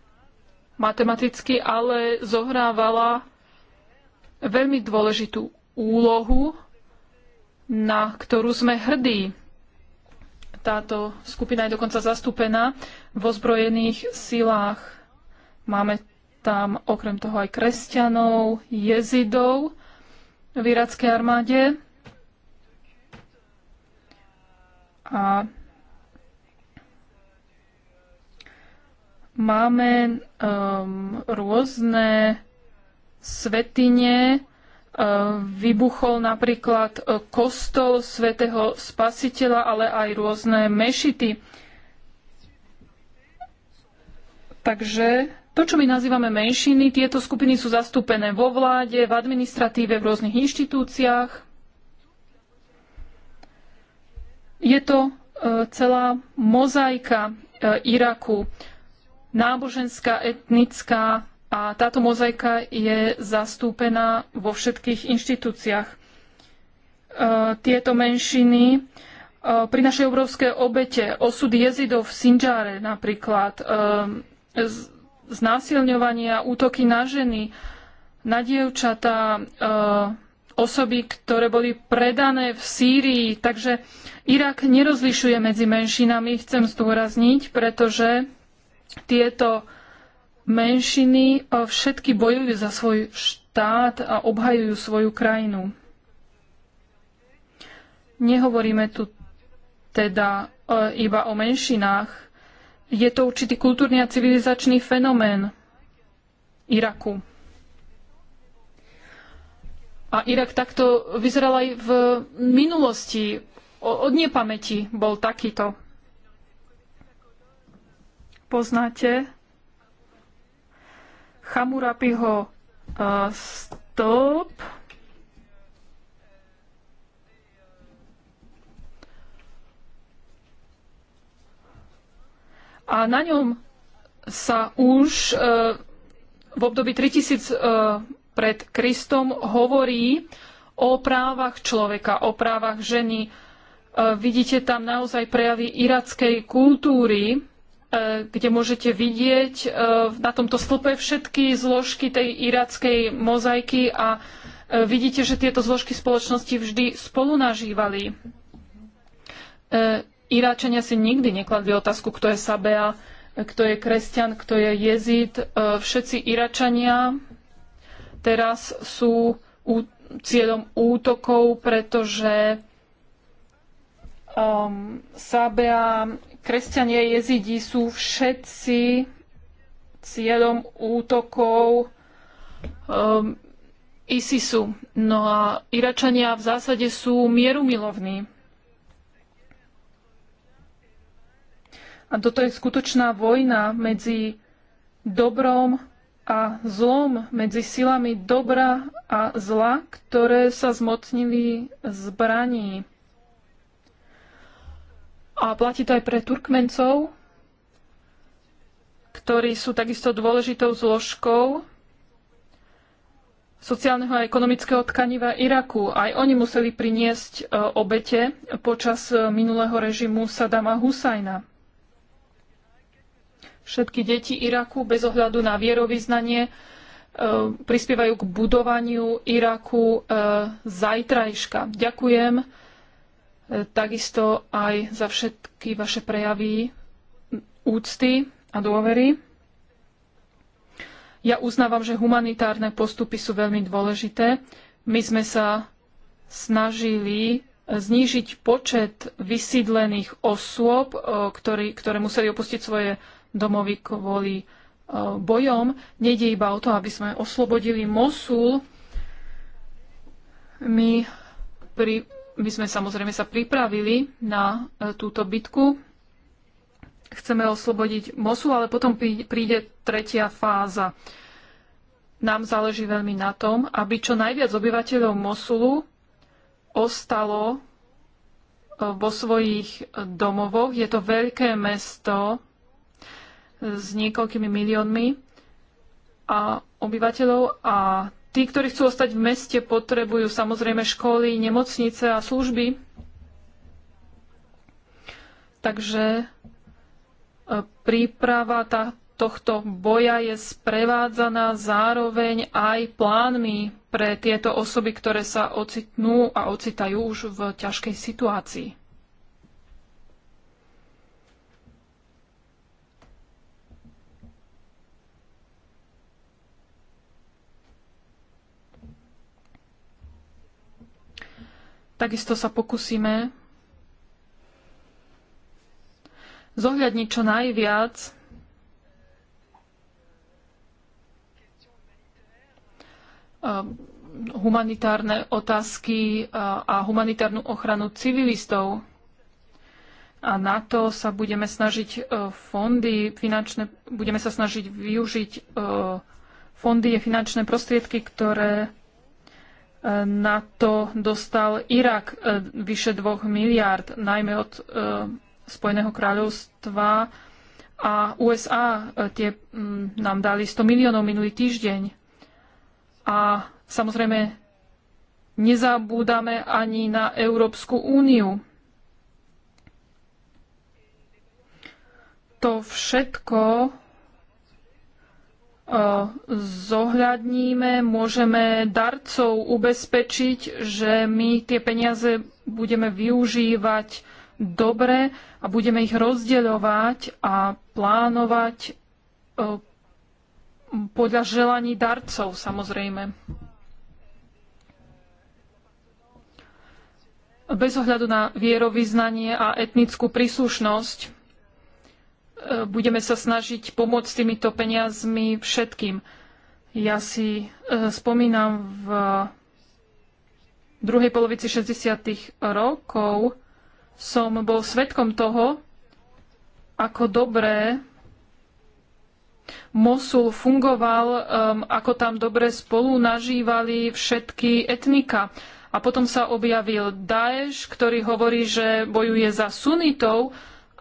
matematicky, ale zohrávala veľmi dôležitú úlohu, na ktorú sme hrdí. Táto skupina je dokonca zastúpená v ozbrojených silách. Máme tam okrem toho aj kresťanov, jezidov v irackej armáde. A máme um, rôzne svetine, E, vybuchol napríklad e, kostol svätého Spasiteľa, ale aj rôzne mešity. Takže to, čo my nazývame menšiny, tieto skupiny sú zastúpené vo vláde, v administratíve, v rôznych inštitúciách. Je to e, celá mozaika Iraku, náboženská, etnická, a táto mozaika je zastúpená vo všetkých inštitúciách. E, tieto menšiny e, prinašajú obrovské obete. Osud jezidov v Sinžáre napríklad, e, znásilňovania, útoky na ženy, na dievčatá, osoby, ktoré boli predané v Sýrii. Takže Irak nerozlišuje medzi menšinami, chcem zdôrazniť, pretože tieto menšiny eh, všetky bojujú za svoj štát a obhajujú svoju krajinu. Nehovoríme tu teda eh, iba o menšinách. Je to určitý kultúrny a civilizačný fenomén Iraku. A Irak takto vyzeral aj v minulosti. Od nepamäti bol takýto. Poznáte Chamurapiho uh, stĺp. A na ňom sa už uh, v období 3000 uh, pred Kristom hovorí o právach človeka, o právach ženy. Vidíte tam naozaj prejavy irackej kultúry, E, kde môžete vidieť e, na tomto stĺpe všetky zložky tej irackej mozaiky a e, vidíte, že tieto zložky spoločnosti vždy spolu nažívali. Iráčania si nikdy nekladli otázku, kto je Sabea, kto je kresťan, kto je jezid. Všetci Iračania teraz sú cieľom útokov, pretože um, Sabea kresťania jezidi sú všetci cieľom útokov um, ISISu. No a Iračania v zásade sú mierumilovní. A toto je skutočná vojna medzi dobrom a zlom, medzi silami dobra a zla, ktoré sa zmocnili zbraní. A platí to aj pre Turkmencov, ktorí sú takisto dôležitou zložkou sociálneho a ekonomického tkaniva Iraku. Aj oni museli priniesť e, obete počas e, minulého režimu Sadama Husajna. Všetky deti Iraku bez ohľadu na vierovýznanie e, prispievajú k budovaniu Iraku zajtrajška. Ďakujem takisto aj za všetky vaše prejavy úcty a dôvery. Ja uznávam, že humanitárne postupy sú veľmi dôležité. My sme sa snažili znížiť počet vysídlených osôb, e, ktorý, ktoré museli opustiť svoje domovy kvôli e, bojom. Nejde iba o to, aby sme oslobodili Mosul. My pri my sme samozrejme sa pripravili na e, túto bitku. Chceme oslobodiť Mosul, ale potom príde tretia fáza. Nám záleží veľmi na tom, aby čo najviac obyvateľov Mosulu ostalo e, vo svojich e, domovoch. Je to veľké mesto s niekoľkými miliónmi a obyvateľov a Tí, ktorí chcú ostať v meste, potrebujú samozrejme školy, nemocnice a služby. Takže e, príprava tá, tohto boja je sprevádzaná zároveň aj plánmi pre tieto osoby, ktoré sa ocitnú a ocitajú už v ťažkej situácii. Takisto sa pokúsime zohľadniť čo najviac eh, humanitárne otázky eh, a humanitárnu ochranu civilistov. A na to sa budeme snažiť eh, fondy finančné, budeme sa snažiť využiť fondy a finančné prostriedky, ktoré na to dostal Irak e, vyše 2 miliard, najmä od e, Spojeného kráľovstva a USA. E, tie nám dali 100 miliónov minulý týždeň. A samozrejme nezabúdame ani na Európsku úniu. To všetko zohľadníme, môžeme darcov ubezpečiť, že my tie peniaze budeme využívať dobre a budeme ich rozdeľovať a plánovať e, podľa želaní darcov samozrejme. Bez ohľadu na vierovýznanie a etnickú príslušnosť budeme sa snažiť pomôcť týmito peniazmi všetkým. Ja si e, spomínam v druhej polovici 60. rokov som bol svetkom toho, ako dobre Mosul fungoval, ako tam dobre spolu nažívali všetky etnika. A potom sa objavil Daesh, ktorý hovorí, že bojuje za sunitov,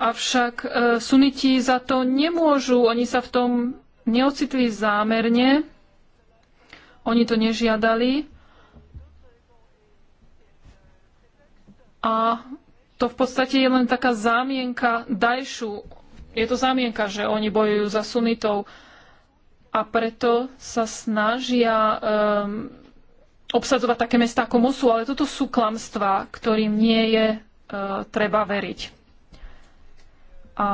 Avšak e, suniti za to nemôžu, oni sa v tom neocitli zámerne, oni to nežiadali. A to v podstate je len taká zámienka Dajšu. Je to zámienka, že oni bojujú za sunitov a preto sa snažia um, obsadzovať také mesta ako Mosul, ale toto sú klamstvá, ktorým nie je uh, treba veriť. A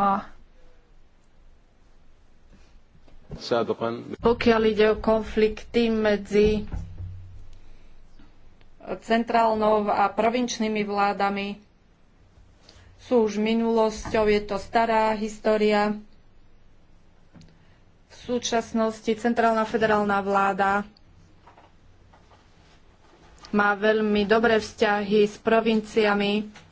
pokiaľ ide o konflikty medzi centrálnou a provinčnými vládami, sú už minulosťou, je to stará história. V súčasnosti centrálna federálna vláda má veľmi dobré vzťahy s provinciami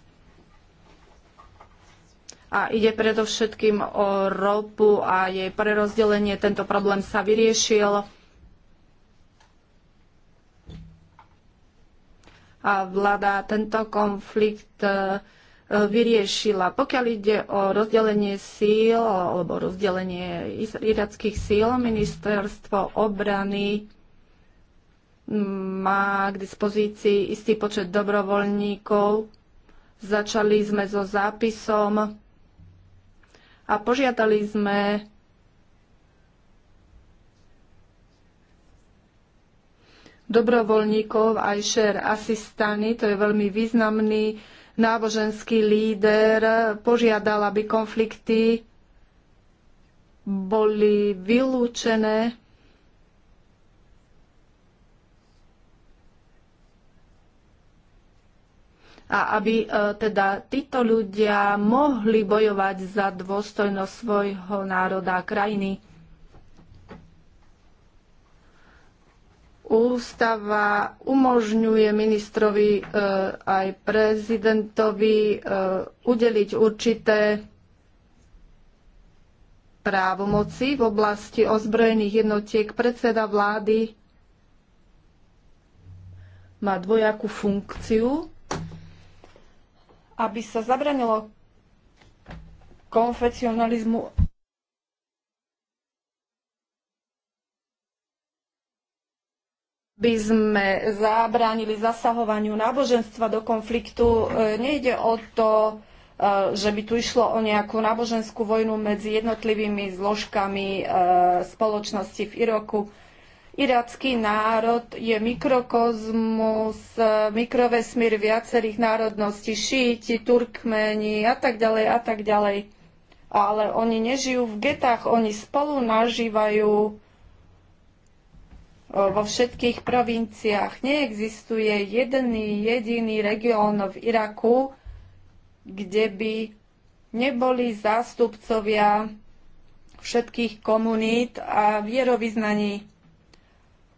a ide predovšetkým o ropu a jej prerozdelenie. Tento problém sa vyriešil. A vláda tento konflikt e, vyriešila. Pokiaľ ide o rozdelenie síl alebo rozdelenie irackých síl, ministerstvo obrany mm, má k dispozícii istý počet dobrovoľníkov. Začali sme so zápisom a požiadali sme dobrovoľníkov aj šer asistany, to je veľmi významný náboženský líder, požiadal, aby konflikty boli vylúčené a aby e, teda títo ľudia mohli bojovať za dôstojnosť svojho národa a krajiny. Ústava umožňuje ministrovi e, aj prezidentovi e, udeliť určité právomoci v oblasti ozbrojených jednotiek. Predseda vlády má dvojakú funkciu aby sa zabranilo konfesionalizmu. by sme zabránili zasahovaniu náboženstva do konfliktu. E, nejde o to, e, že by tu išlo o nejakú náboženskú vojnu medzi jednotlivými zložkami e, spoločnosti v Iroku. Iracký národ je mikrokozmus, mikrovesmír viacerých národností, šíti, turkmeni a tak ďalej a tak ďalej. Ale oni nežijú v getách, oni spolu nažívajú vo všetkých provinciách. Neexistuje jedný jediný región v Iraku, kde by neboli zástupcovia všetkých komunít a vierovýznaní.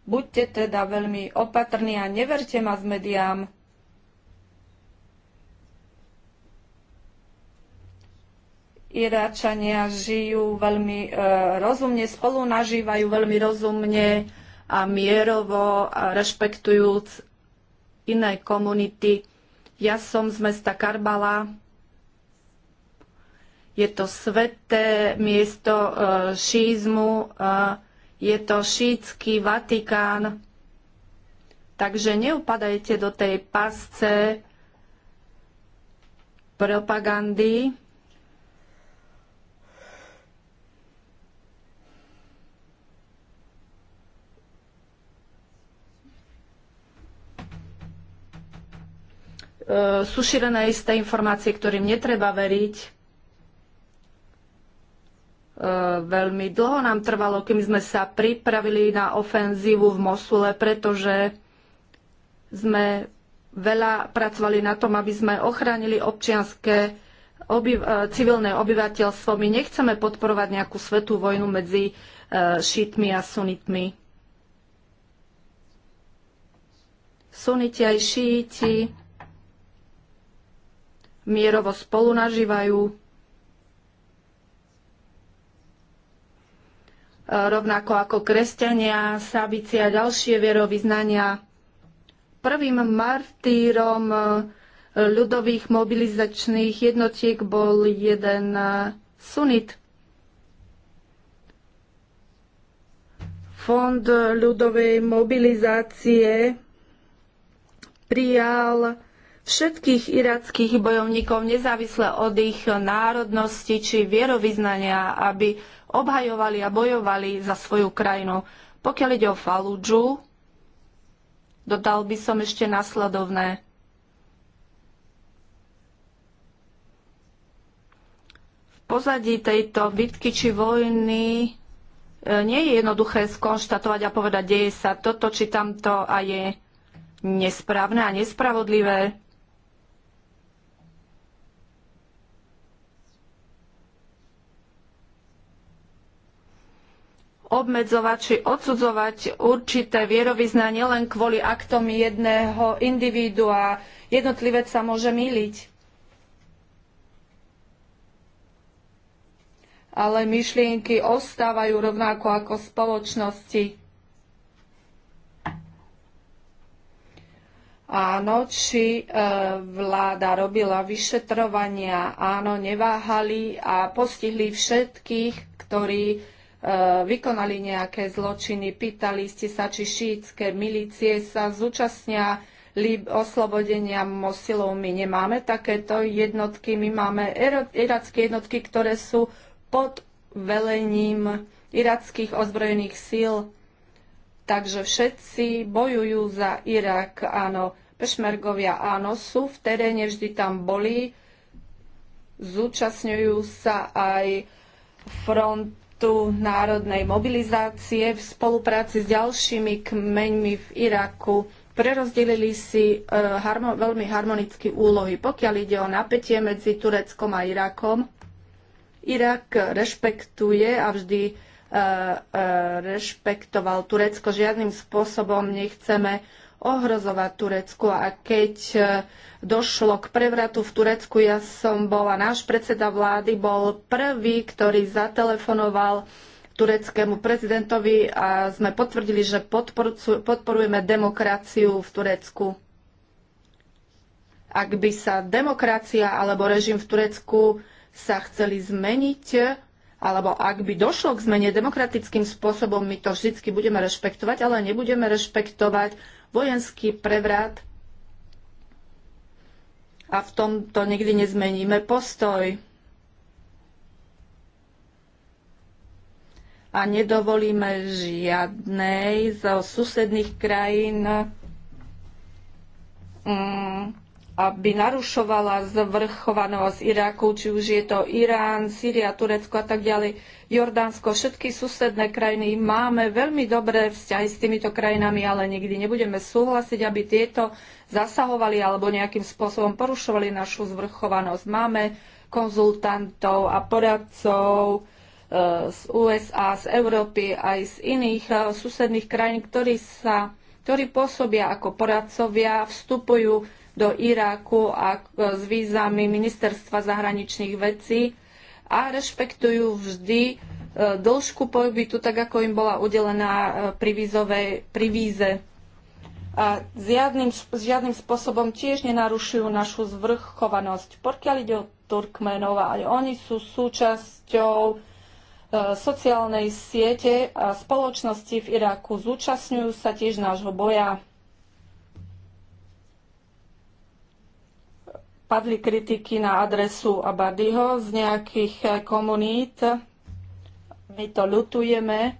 Buďte teda veľmi opatrní a neverte ma s mediám. Iráčania žijú veľmi e, rozumne, spolu nažívajú veľmi rozumne a mierovo, a rešpektujúc iné komunity. Ja som z mesta Karbala. Je to sveté miesto e, šízmu. E, je to šítsky Vatikán. Takže neupadajte do tej pasce propagandy. E, sú šírené isté informácie, ktorým netreba veriť veľmi dlho nám trvalo, kým sme sa pripravili na ofenzívu v Mosule, pretože sme veľa pracovali na tom, aby sme ochránili občianské obyv- e, civilné obyvateľstvo. My nechceme podporovať nejakú svetú vojnu medzi e, šítmi a sunitmi. Suniti aj šíti mierovo spolunažívajú rovnako ako kresťania, sabici a ďalšie vierovýznania. Prvým martýrom e, ľudových mobilizačných jednotiek bol jeden e, sunit. Fond ľudovej mobilizácie prijal všetkých irackých bojovníkov nezávisle od ich národnosti či vierovýznania, aby obhajovali a bojovali za svoju krajinu. Pokiaľ ide o Faludžu, dodal by som ešte nasledovné. V pozadí tejto bitky či vojny e, nie je jednoduché skonštatovať a povedať, deje sa toto či tamto a je nesprávne a nespravodlivé. obmedzovať či odsudzovať určité vierovýznanie len kvôli aktom jedného individua. a jednotlivec sa môže míliť. Ale myšlienky ostávajú rovnako ako spoločnosti. Áno, či e, vláda robila vyšetrovania, áno, neváhali a postihli všetkých, ktorí E, vykonali nejaké zločiny. Pýtali ste sa, či šítske milície sa zúčastnia oslobodenia mosilov. My nemáme takéto jednotky. My máme iracké jednotky, ktoré sú pod velením irackých ozbrojených síl. Takže všetci bojujú za Irak, áno. Pešmergovia, áno, sú v teréne, vždy tam boli. Zúčastňujú sa aj front projektu národnej mobilizácie v spolupráci s ďalšími kmeňmi v Iraku prerozdelili si e, harmo, veľmi harmonicky úlohy. Pokiaľ ide o napätie medzi Tureckom a Irakom, Irak rešpektuje a vždy uh, uh, rešpektoval Turecko. Žiadnym spôsobom nechceme ohrozovať Turecku. A keď e, došlo k prevratu v Turecku, ja som bola, náš predseda vlády bol prvý, ktorý zatelefonoval tureckému prezidentovi a sme potvrdili, že podporujeme demokraciu v Turecku. Ak by sa demokracia alebo režim v Turecku sa chceli zmeniť, alebo ak by došlo k zmene demokratickým spôsobom, my to vždy budeme rešpektovať, ale nebudeme rešpektovať vojenský prevrat a v tomto nikdy nezmeníme postoj. A nedovolíme žiadnej zo susedných krajín mm, aby narušovala zvrchovanosť Iraku, či už je to Irán, Sýria, Turecko a tak ďalej, Jordánsko, všetky susedné krajiny. Máme veľmi dobré vzťahy s týmito krajinami, ale nikdy nebudeme súhlasiť, aby tieto zasahovali alebo nejakým spôsobom porušovali našu zvrchovanosť. Máme konzultantov a poradcov e, z USA, z Európy aj z iných e, susedných krajín, ktorí, sa, ktorí pôsobia ako poradcovia, vstupujú do Iráku a s vízami ministerstva zahraničných vecí a rešpektujú vždy e, dĺžku pobytu, tak ako im bola udelená e, pri, vízovej, pri víze. A žiadnym, žiadnym spôsobom tiež nenarušujú našu zvrchovanosť. Pokiaľ ide o Turkmenov, aj oni sú súčasťou e, sociálnej siete a spoločnosti v Iraku. Zúčastňujú sa tiež nášho boja. padli kritiky na adresu Abadiho z nejakých eh, komunít. My to ľutujeme,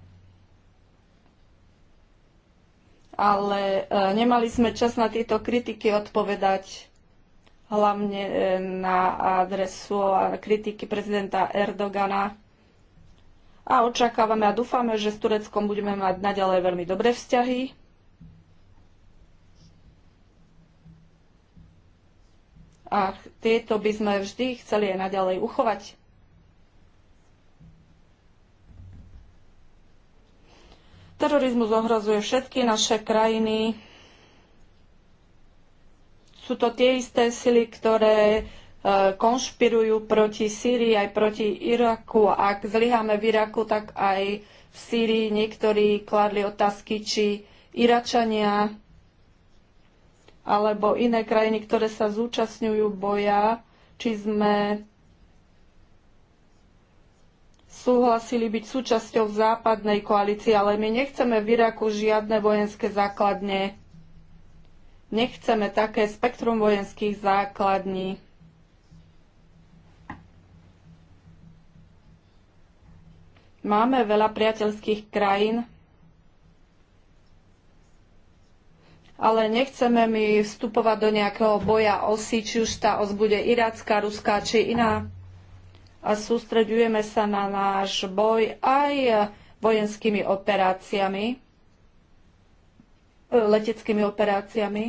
ale eh, nemali sme čas na tieto kritiky odpovedať hlavne eh, na adresu kritiky prezidenta Erdogana. A očakávame a dúfame, že s Tureckom budeme mať naďalej veľmi dobré vzťahy a tieto by sme vždy chceli aj naďalej uchovať. Terorizmus ohrozuje všetky naše krajiny. Sú to tie isté sily, ktoré e, konšpirujú proti Sýrii aj proti Iraku. Ak zlyháme v Iraku, tak aj v Sýrii niektorí kladli otázky, či Iračania alebo iné krajiny, ktoré sa zúčastňujú boja, či sme súhlasili byť súčasťou západnej koalície, ale my nechceme v Iraku žiadne vojenské základne. Nechceme také spektrum vojenských základní. Máme veľa priateľských krajín, ale nechceme my vstupovať do nejakého boja osy, či už tá os bude iracká, ruská či iná. A sústreďujeme sa na náš boj aj vojenskými operáciami, leteckými operáciami.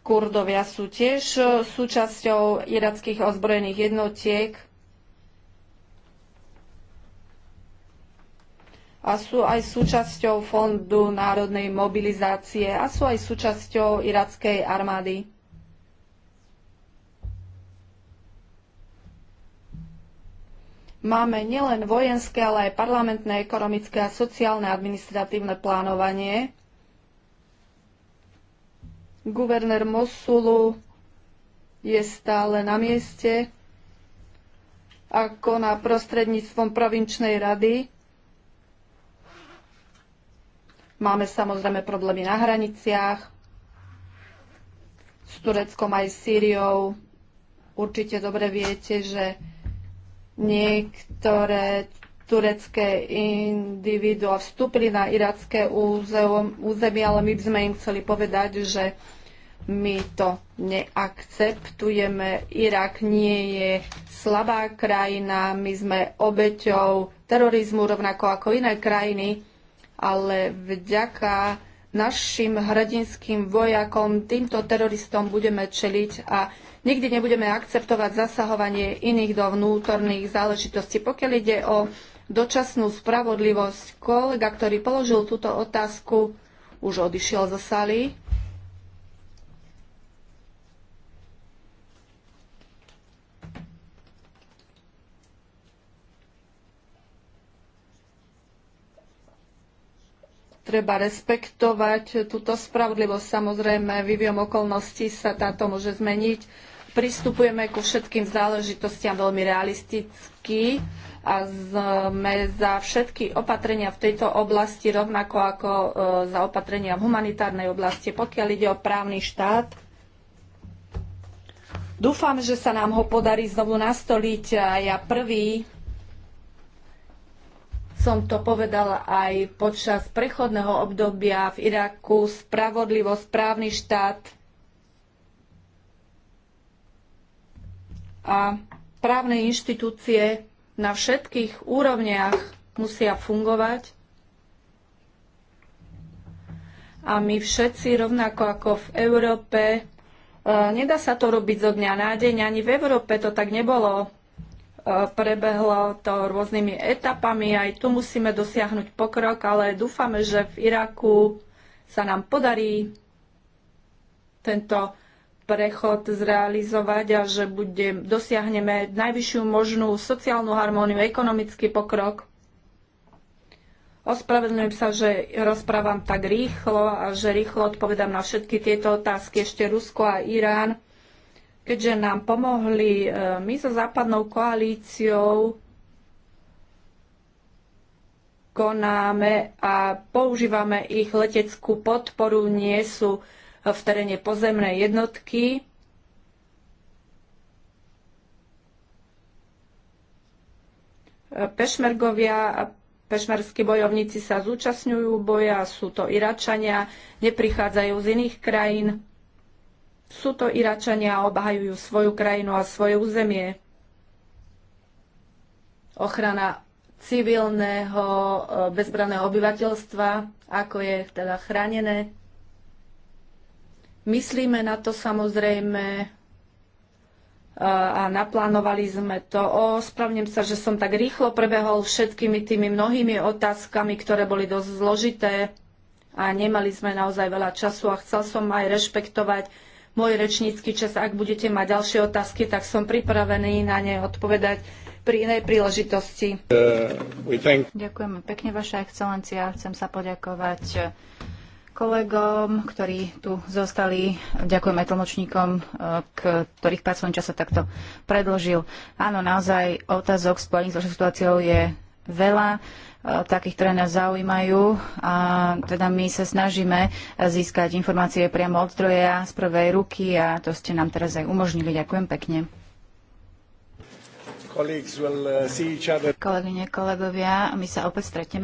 Kurdovia sú tiež súčasťou irackých ozbrojených jednotiek – a sú aj súčasťou Fondu národnej mobilizácie a sú aj súčasťou irackej armády. Máme nielen vojenské, ale aj parlamentné, ekonomické a sociálne administratívne plánovanie. Guvernér Mosulu je stále na mieste ako na prostredníctvom provinčnej rady Máme samozrejme problémy na hraniciach s Tureckom aj s Sýriou. Určite dobre viete, že niektoré turecké individuá vstúpili na iracké územie, ale my by sme im chceli povedať, že my to neakceptujeme. Irak nie je slabá krajina, my sme obeťou terorizmu rovnako ako iné krajiny ale vďaka našim hrdinským vojakom, týmto teroristom budeme čeliť a nikdy nebudeme akceptovať zasahovanie iných do vnútorných záležitostí. Pokiaľ ide o dočasnú spravodlivosť, kolega, ktorý položil túto otázku, už odišiel zo sály. treba respektovať túto spravodlivosť. Samozrejme, vývojom okolností sa táto môže zmeniť. Pristupujeme ku všetkým záležitostiam veľmi realisticky a sme za všetky opatrenia v tejto oblasti, rovnako ako e, za opatrenia v humanitárnej oblasti, pokiaľ ide o právny štát. Dúfam, že sa nám ho podarí znovu nastoliť a ja prvý som to povedala aj počas prechodného obdobia v Iraku, spravodlivosť, správny štát a právne inštitúcie na všetkých úrovniach musia fungovať. A my všetci, rovnako ako v Európe, e, nedá sa to robiť zo dňa na deň, ani v Európe to tak nebolo prebehlo to rôznymi etapami. Aj tu musíme dosiahnuť pokrok, ale dúfame, že v Iraku sa nám podarí tento prechod zrealizovať a že bude, dosiahneme najvyššiu možnú sociálnu harmóniu, ekonomický pokrok. Ospravedlňujem sa, že rozprávam tak rýchlo a že rýchlo odpovedám na všetky tieto otázky. Ešte Rusko a Irán keďže nám pomohli e, my so západnou koalíciou, konáme a používame ich leteckú podporu, nie sú v teréne pozemné jednotky. E, Pešmergovia Pešmerskí bojovníci sa zúčastňujú boja, sú to Iračania, neprichádzajú z iných krajín. Sú to Iračania a obhajujú svoju krajinu a svoje územie. Ochrana civilného e, bezbraného obyvateľstva, ako je teda chránené. Myslíme na to samozrejme e, a naplánovali sme to. Ospravnem sa, že som tak rýchlo prebehol všetkými tými mnohými otázkami, ktoré boli dosť zložité a nemali sme naozaj veľa času a chcel som aj rešpektovať môj rečnícky čas. Ak budete mať ďalšie otázky, tak som pripravený na ne odpovedať pri inej príležitosti. Uh, thank... Ďakujeme pekne, Vaša excelencia. Chcem sa poďakovať kolegom, ktorí tu zostali. Ďakujem aj tlmočníkom, uh, ktorých pracovný čas sa takto predložil. Áno, naozaj otázok spojených s situáciou je veľa. E, takých, ktoré nás zaujímajú. A teda my sa snažíme získať informácie priamo od zdroja z prvej ruky a to ste nám teraz aj umožnili. Ďakujem pekne. Uh, Kolegyne, kolegovia, my sa opäť stretneme.